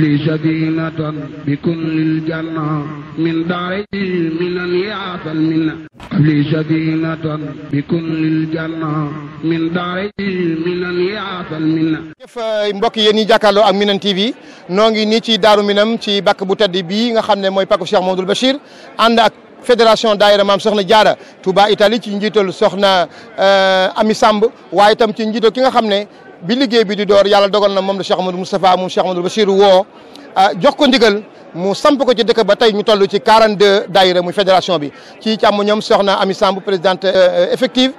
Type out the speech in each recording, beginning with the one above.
li sadinatan bi kullil janna min daari minan yaatal minna li sadinatan bi kullil janna min daari minan yaatal minna mbokk yéen ñi jàkkaarloo ak Minane TV nii ci Daaru Minam ci bàkk bu tedd bii nga xam ne mooy pàkku Cheikh Mamadou Bachir ànd ak fédération daayira maam soxna jaara Touba Italie ci njiital soxna euh, Ami Samb waaye tam ci njiital ki nga xam ne bi liggéey bi di door yàlla dogal na moom la Cheikh Amadou Moustapha moom Cheikh Amadou Bachir woo ah, jox ko ndigal mu samp ko ci dëkk ba tey ñu toll ci 42 daayira muy fédération bi ci càmm ñoom soxna Ami Samb présidente euh, effective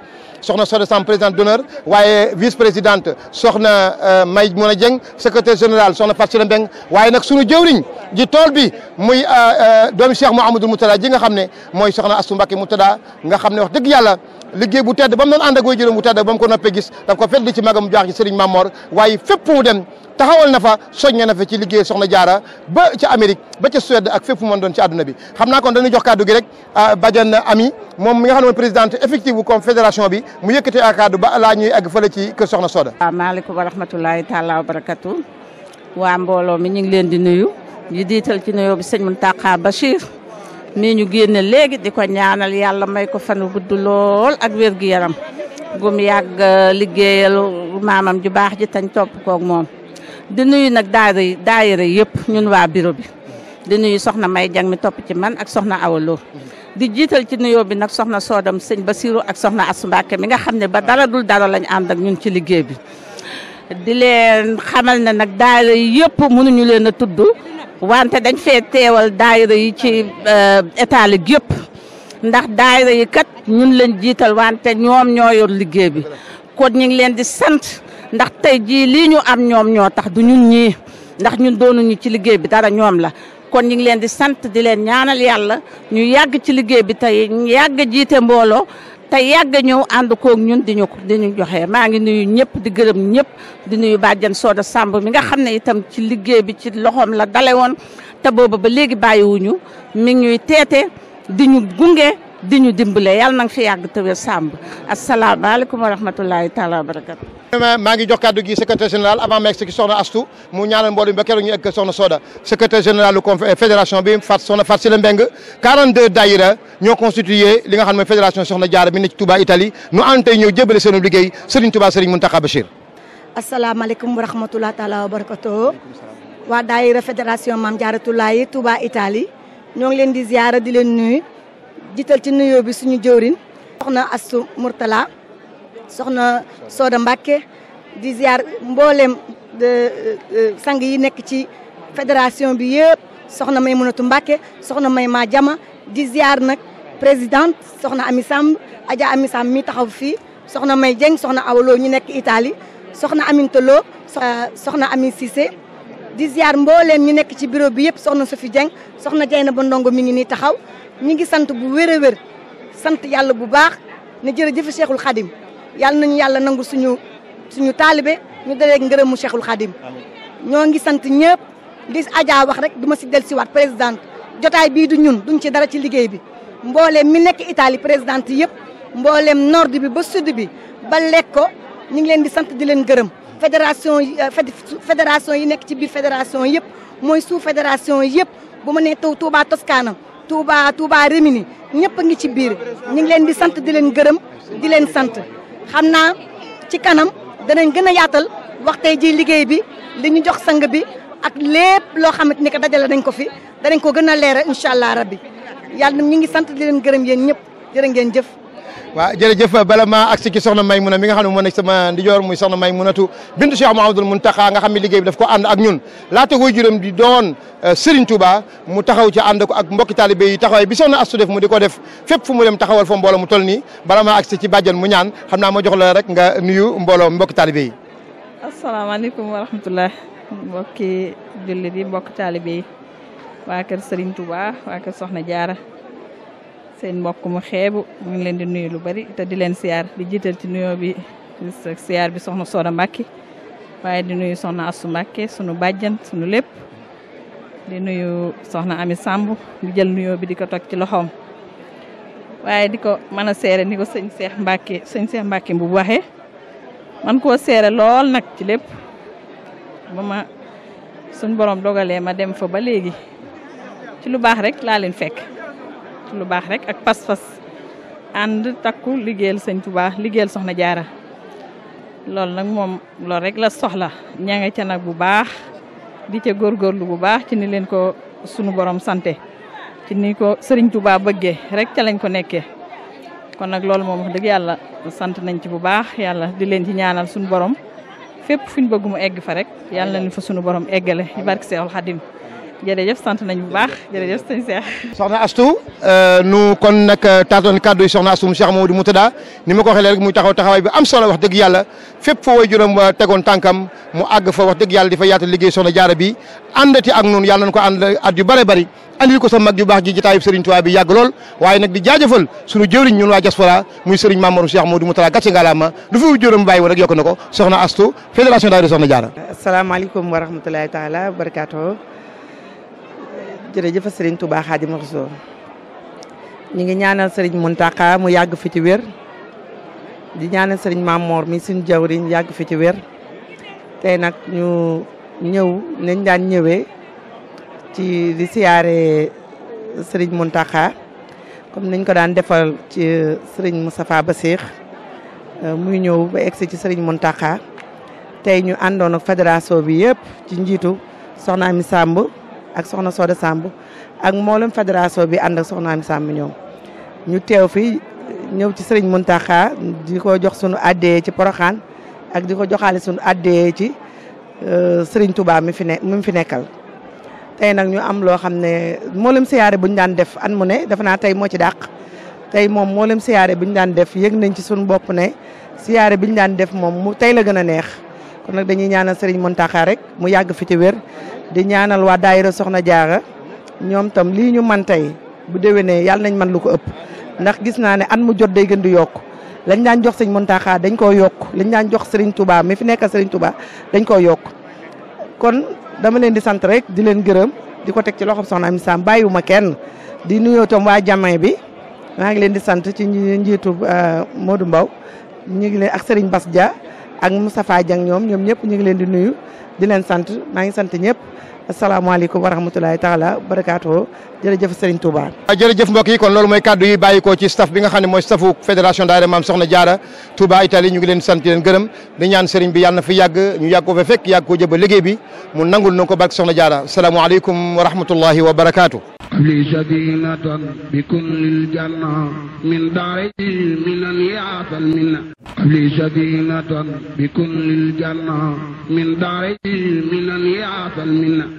soxna Soda Samb présidente d'honneur waaye vice présidente soxna euh, May Muna Dieng secrétaire général soxna Fatou Mbeng waaye nag sunu jëwriñ ji tool bi muy euh, euh, doomi Cheikh Mouhamadou Moutada ji nga xam ne mooy soxna Astou Mbacké Moutada nga xam ne wax dëgg yàlla liggéey bu tedd ba mu doon ànd ak way jërëm mu ko noppee gis daf ko fedd ci magam jox ci Serigne Mamor waaye fépp mu dem taxawal na fa soññe na fa ci liggéey soxna jaara ba ca Amérique ba ca Suède ak fépp mu mën doon ci àdduna bi xam naa kon dañuy jox kàddu rek Badiane Ami moom mi nga xam ne mooy présidente effective bu bi mu yëkkatee ak kàddu ba laa ñuy àgg fële ci kër Soxna Soda. waaw maaleykum wa rahmatulahi taala wa barakatu waa mbooloo mi ñu ngi leen di nuyu di diital ci nuyoo bi sëñ Mountakha Bachir mii ñu génne léegi di ko ñaanal yàlla may ko fan gudd lool ak wér gu yaram gum yàgg euh, liggéeyal maamam ju baax ji tañ topp koog moom di nuyu nag daa daayira yëpp ñun waa bureau bi. di nuyu soxna May Jang mi topp ci man ak soxna Awa di jiital ci nuyoo bi nag soxna Soodam sëñ Basiru ak soxna Asu Mbàkke mi nga xam ne ba dara dul dara lañ ànd ak ñun ci liggéey bi. di leen xamal ne nag daayira yi yëpp mënuñu leen a tudd wante dañ fee teewal daayira yi ci euh, état lig yëpp ndax daayira yi kat ñun leen jiital wante ñoom ñoo yor liggéey bi kon ñu ngi leen di sant ndax tey jii lii ñu am ñoom ñoo tax du ñun ñii ndax ñun doonuñu ci liggéey bi dara ñoom la kon ñu ngi leen di sant di leen ñaanal yàlla ñu yàgg ci liggéey bi tey yàgg jiite mbooloo te yàgg ñëw ànd koog ñun di ñu di ñu joxe maa ngi nuyu ñëpp di gërëm ñëpp di nuyu bàjjan Sooda Samb mi nga xam ne itam ci liggéey bi ci loxoom la dale woon te booba ba léegi bàyyiwuñu mi ñuy teete di ñu gunge. di ñu dimbale yàlla na fi yàgg te wér sàmb asalaamaaleykum wa rahmatulahi taala wa barakatu maa ngi jox kàddu gi secrétaire général avant meeg si soxna Astou mu ñaanal mbooloo mi ba keroog ñu egg soxna Soda secrétaire général lu eh, fédération bi Fat soxna Fat Sile Mbeng 42 ñoo constitué li nga xam mooy fédération soxna Jaara bi ne ci Touba nu ànd tey ñëw jébale seenu liggéey Serigne Touba Serigne Mountakha Bachir asalaamaaleykum wa rahmatulah taala jital ci nuyoo bi suñu jëwrin soxna Astu Murtala soxna Sooda mbake di ziar mbooleem sang yi nekk ci fédération bi yëpp soxna may Munatu mbake soxna may maa jama di ziar nag présidente soxna Ami Samb Adja Ami Samb mi taxaw fii soxna may Jeng soxna Awaloo ñu nekk itali soxna Aminta Lo soxna Ami Cissé di ziar mbooleem ñu nekk ci bureau bi yëpp soxna Sophie Dieng soxna Dieng ba ndongo mi ngi nii taxaw ñi ngi sant bu wér a wér sant yàlla bu baax ne jërëjëf Cheikhul Khadim yàll nañu yàlla nangu suñu suñu taalibe ñu dalee mu Cheikhul Khadim ñoo ngi sant ñëpp di Adja wax rek du ma si siwaat présidente jotaay bii du ñun duñ ci dara ci liggéey bi mbooleem mi nekk itaali présidente yëpp mbooleem nord bi ba sud bi ba lekko ñu ngi leen di sant di leen gërëm fédération yi euh, fédération yi nekk ci biir fédération yëpp mooy sous fédération yëpp bu ma nee taw Touba Toscana Touba Touba Rimini ñëpp a ngi ci biir ñu ngi leen bi sant di leen gërëm di leen sant xam naa ci kanam danañ gën a yaatal wax tey ji liggéey bi li ñu jox sang bi ak lépp loo xamante ni que dajale nañ ko fi danañ ko gën a leeral incha allah rabbi yàlla ñu ngi sant di leen gërëm yéen ñëpp jërë ngeen jëf. waaw jërëjëf bala ma agsi ci soxna Maymuna mi nga xam ne moo nekk sama ndijoor mu soxna Maymunatu bintu Cheikh Mouhamadoul Mountakha nga xam ne liggéey bi daf ko ànd ak ñun laata waajuram di doon euh, Serigne Touba mu taxaw ci ànd ak mbokki taalibe yi taxawaay bi soxna Astu def mu di ko def fépp fu mu dem taxawal fa mbooloo mu toll nii bala ma agsi ci bàjjan mu ñaan xam naa ma jox la rek nga nuyu mbooloo mbokki taalibe yi asalaamaaleykum wa rahmatullah mbokki jullit yi mbokki taalibe yi waa kër Serigne Touba waa kër Soxna Jaara seen mbokk mu xeebu mu ngi leen di nuyu lu bari te di leen siyaar di jiital ci nuyoo bi siyaar bi soxna Soda Mbacke waaye di nuyu soxna Assou Mbacke sunu bàjjan sunu lépp di nuyu soxna Ami Samb di jël nuyoo bi di ko toj ci loxoom. waaye di ko mën a seere ni ko sëñ Cheikh Mbacke sëñ Cheikh Mbacke bu waxee man koo seere lool nag ci lépp ba ma borom dogalee ma dem fa ba léegi ci lu baax rek laa fekk. lu baax rek ak pas-pas ànd takku liggéeyal sëñ Tuubaa liggéeyal soxna jaara loolu nag moom loolu rek la soxla ña nga ca nag bu baax di ca góor góorlu bu baax ci ni leen ko sunu borom sante ci ni ko sëriñ Tuubaa bëggee rek ca lañ ko nekkee kon nag loolu moom dëgg yàlla sant nañ ci bu baax yàlla di leen ci ñaanal sunu borom fépp fu ñu bëgg mu egg fa rek yàlla nañ fa sunu borom eggale ci barke Seexul Xadim jërëjëf sant nañ bu baax jërëjëf sëñ Cheikh. soxna Astou euh, nu kon nag euh, taatoon kàddu yi soxna Astou mu Cheikh Mamadou Moutada ni ma ko waxee léegi muy taxaw taxawaay bi am solo wax dëgg yàlla fépp foo way juróom euh, tegoon tànkam mu àgg fa wax dëgg yàlla di fa yaatu liggéey soxna jaara bi àndati ak noonu yàlla nañ ko yu bare bari sa mag yu baax ji jitaayub Serigne Touba bi yàgg lool waaye nag di jaajëfal sunu jëwriñ ñun waa diaspora muy Serigne Mamadou Cheikh Mamadou Moutada gàcce ngalaama lu fi juróom jërëjëf Serigne Touba Xaadimu Rasuul ñu ngi ñaanal Serigne Mountakha mu yàgg fi ci wér di ñaanal Serigne Mamor mi suñu jawriñ yàgg fi ci wér tey nag ñu ñëw nañ daan ñëwee ci di siyaare Serigne Mountakha comme nañ ko daan defal ci Serigne Moustapha Bassir euh, muy ñëw ba egsi ci Serigne Mountakha tey ñu àndoon ak fédération bi yëpp ci njiitu soxna Ami Samb ak soxna Soda Samb ak mboolem fédération bi ànd ak soxna Ami Samb ñoom. ñu teew fi ñëw ci Serigne Mountakha di ko jox sunu addee ci Porokhane ak di ko joxaale sunu addee ci euh, Serigne tubaab mi fi ne mi fi nekkal. tey nag ñu am loo xam ne mboolem siyaare bu ñu daan def an mu ne defe naa tey moo ci dàq tey moom mboolem siyaare bi ñu daan def yëg nañ ci sunu bopp ne siyaare bi ñu daan def moom mu tey la gën a neex. kon nag dañuy ñaana Serigne Mountakha rek mu yàgg fi ci wér di ñaanal waa daayira soxna jaara ñoom tam lii ñu man tey bu déwénee yàlla nañ man lu ko ëpp ndax gis naa ne an mu jot day gën di yokk lañ daan jox sëñ Muntaxa dañ koo yokk lañ daan jox Serigne Touba mi fi nekkal Serigne Touba dañ koo yokk kon dama leen di sant rek di leen gërëm di ko teg ci loxoom soxna Amy Sam bàyyiwuma kenn di nuyoo tam waa jamaay bi maa ngi leen di sant ci njiitu euh, moodu Mbaw ñu ngi leen ak Serigne Bass Dia ak Moustapha Diang ñoom ñoom ñëpp ñu ngi leen di nuyu di leen sant maa ngi sant ñëpp asalaamaaleykum wa rahmatulahi taala barakaatu jërëjëf Serigne Touba. waaw ah, jërëjëf mbokk yi kon loolu mooy kàddu yi bàyyi ko ci staff bi nga xam ne mooy staffu fédération daayira Maam Soxna Jaara Touba Italie ñu ngi leen sant leen gërëm di ñaan Serigne bi yàlla na fi yàgg ñu yàgg ko fa fekk yàgg ko jëba liggéey bi mu nangul na ko barke Soxna Jaara asalaamaaleykum wa rahmatulahi wa barakaatu. عاطى المنة قبلي سكينة بكل الجنة من داري من يعطى المنة